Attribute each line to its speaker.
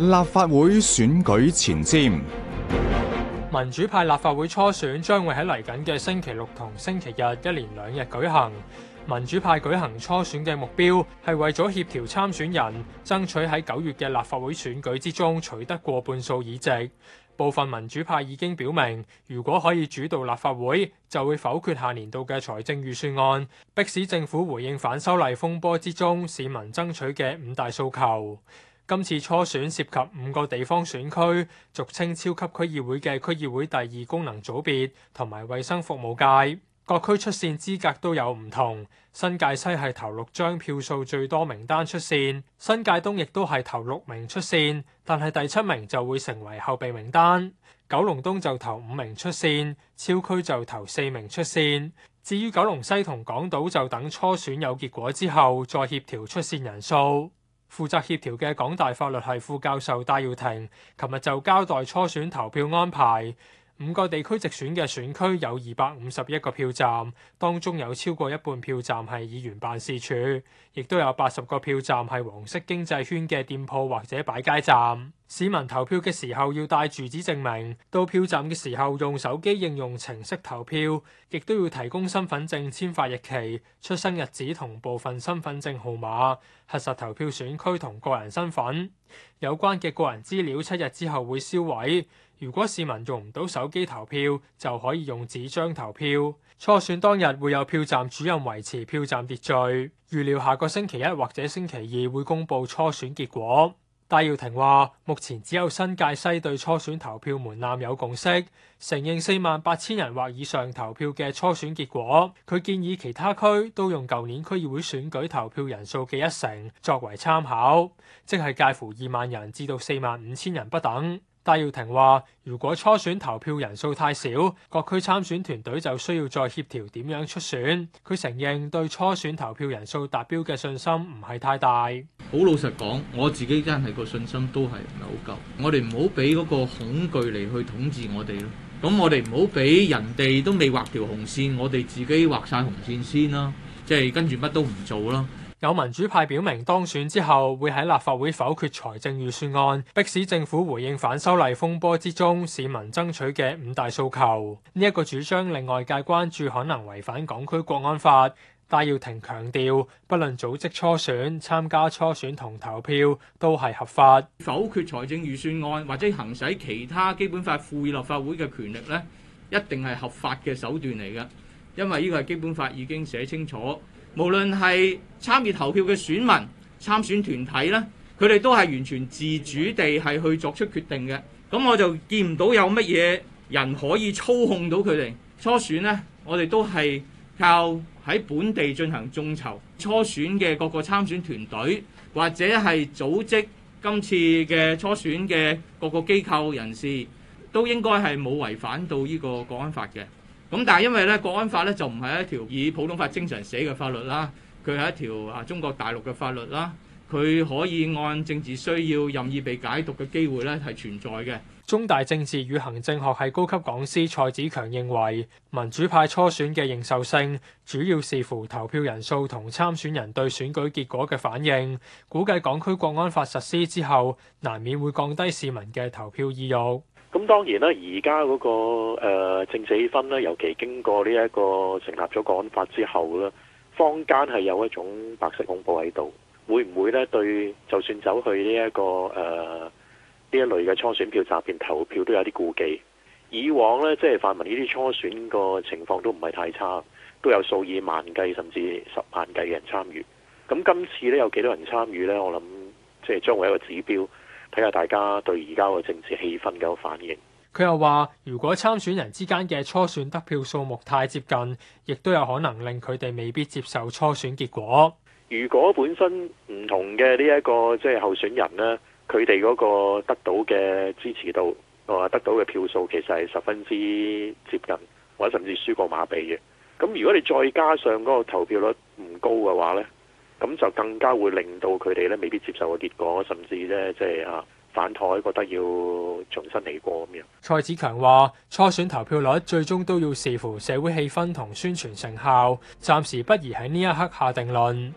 Speaker 1: 立法會選舉前瞻：
Speaker 2: 民主派立法會初選將會喺嚟緊嘅星期六同星期日一連兩日舉行。民主派舉行初選嘅目標係為咗協調參選人，爭取喺九月嘅立法會選舉之中取得過半數議席。部分民主派已經表明，如果可以主導立法會，就會否決下年度嘅財政預算案，迫使政府回應反修例風波之中市民爭取嘅五大訴求。今次初選涉及五個地方選區，俗稱超級區議會嘅區議會第二功能組別同埋衛生服務界，各區出線資格都有唔同。新界西係頭六張票數最多名單出線，新界東亦都係頭六名出線，但係第七名就會成為後備名單。九龍東就頭五名出線，超區就頭四名出線。至於九龍西同港島就等初選有結果之後再協調出線人數。負責協調嘅港大法律系副教授戴耀廷，琴日就交代初選投票安排。五個地區直選嘅選區有二百五十一個票站，當中有超過一半票站係議員辦事處，亦都有八十個票站係黃色經濟圈嘅店鋪或者擺街站。市民投票嘅時候要帶住址證明，到票站嘅時候用手機應用程式投票，亦都要提供身份證簽發日期、出生日子同部分身份證號碼，核實投票選區同個人身份。有關嘅個人資料七日之後會銷毀。如果市民用唔到手機投票，就可以用紙張投票。初選當日會有票站主任維持票站秩序。預料下個星期一或者星期二會公布初選結果。戴耀廷話：目前只有新界西對初選投票門檻有共識，承認四萬八千人或以上投票嘅初選結果。佢建議其他區都用舊年區議會選舉投票人數嘅一成作為參考，即係介乎二萬人至到四萬五千人不等。戴耀廷話，如果初選投票人數太少，各區參選團隊就需要再協調點樣出選。佢承認對初選投票人數達標嘅信心
Speaker 1: 唔係太大。好老實講，我自己真係個信心都係唔係好夠。我哋唔好俾嗰個恐懼嚟，去統治我哋咯。咁我哋唔好俾人哋都未畫條紅線，我哋自己畫晒紅線先啦。即係跟住乜都唔做啦。有民
Speaker 2: 主派表明當選之後會喺立法會否決財政預算案，迫使政府回應反修例風波之中市民爭取嘅五大訴求。呢一個主張令外界關注可能違反港區國安法。戴耀廷強調，不論組織初
Speaker 1: 選、參加初選同投票都係合法。否決財政預算案或者行使其他基本法賦予立法會嘅權力咧，一定係合法嘅手段嚟嘅，因為呢個係基本法已經寫清楚。無論係參與投票嘅選民、參選團體啦，佢哋都係完全自主地係去作出決定嘅。咁我就見唔到有乜嘢人可以操控到佢哋。初選呢，我哋都係靠喺本地進行眾籌。初選嘅各個參選團隊或者係組織今次嘅初選嘅各個機構人士，都應該係冇違反到呢個《國安法》嘅。咁但係因為咧，國安法咧就唔係一條以普通法精神寫嘅法律啦，佢係一條啊中國大陸嘅法律啦，佢可以按政治需要任意被解讀嘅機會咧係存在嘅。中大政治與行政學系高級講師蔡子強認為，民主
Speaker 2: 派初選嘅認受性主要視乎投票人數同參選人對選舉結果嘅反應，估計港區國安法實施之後，難免會降低市民嘅投票意欲。
Speaker 3: 咁當然啦，而家嗰個、呃、政治氣氛咧，尤其經過呢一個成立咗港法之後咧，坊間係有一種白色恐怖喺度，會唔會咧對就算走去呢、這、一個誒呢、呃、一類嘅初選票集便投票都有啲顧忌？以往咧即係泛民呢啲初選個情況都唔係太差，都有數以萬計甚至十萬計嘅人參與。咁今次咧有幾多人參與咧？我諗即係將會一個指標。睇下大家對而家個政治氣氛嘅反應，
Speaker 2: 佢又話如果參選人之間嘅初選得票數目太接近，亦都有可能令佢哋未必接受初選結果。
Speaker 3: 如果本身唔同嘅呢一個即係、就是、候選人咧，佢哋嗰個得到嘅支持度同埋、呃、得到嘅票數其實，係十分之接近，或者甚至輸過馬比嘅。咁如果你再加上嗰個投票率唔高嘅話咧？咁就更加會令到佢哋咧，未必接受嘅結果，甚至咧，即係嚇反枱，覺得要重新嚟過咁樣。
Speaker 2: 蔡子強話：初選投票率最終都要視乎社會氣氛同宣傳成效，暫時不宜喺呢一刻下定論。